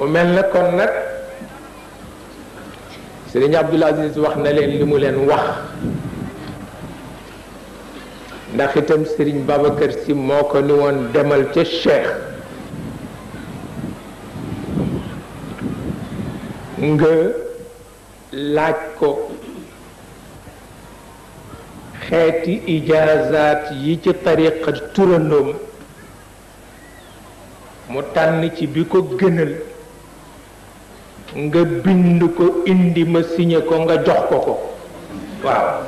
mu mel na kon nag sëriñ Abdul Aziz wax na leen li mu leen wax ndax itam sëriñ Babacar si moo ko ni woon demal ca Cheikh nga laaj ko xeeti ijaazaat yi ci tariqa turandoom mu tànn ci bi ko gënal nga bind ko indi ma signé ko nga jox ko ko waaw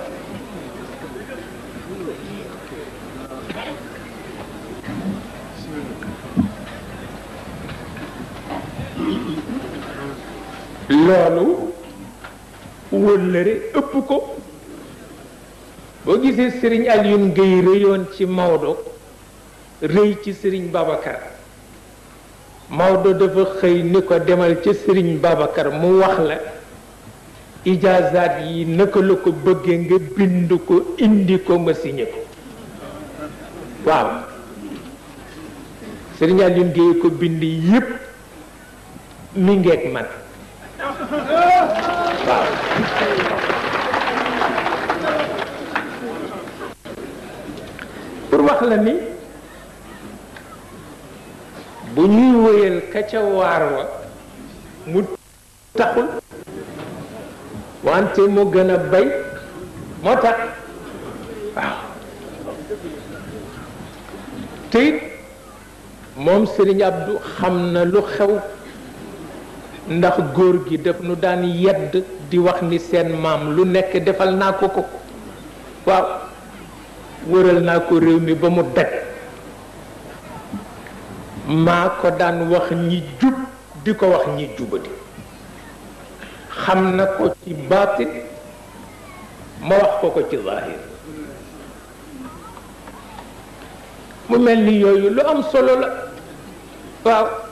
loolu wëllëre ëpp ko boo gisee Serigne Alioune Gueye rëyoon ci Maodo rëy ci Serigne Babacar Maodo dafa xëy ni ko demal ca Serigne Babacar mu wax la ijaazaat yi naka la ko bëggee nga bind ko indi ko ma signé ko waaw Serigne Alioune Gueye ko bind yépp mi ngeeg man waaw pour wax la ni bu ñuy wéyal ka ca waar wa mu taxul wante mu gën a bay moo tax waaw te it moom Serigne Abdou xam na lu xew ndax góor gi def nu daan yedd di wax ni seen maam lu nekk defal naa ko ko waaw wëral naa ko réew mi ba mu daj maa ko daan wax ñi jub di ko wax ñi jubati xam na ko ci baatin ma wax ko ko ci zahir mu mel ni yooyu lu am solo la waaw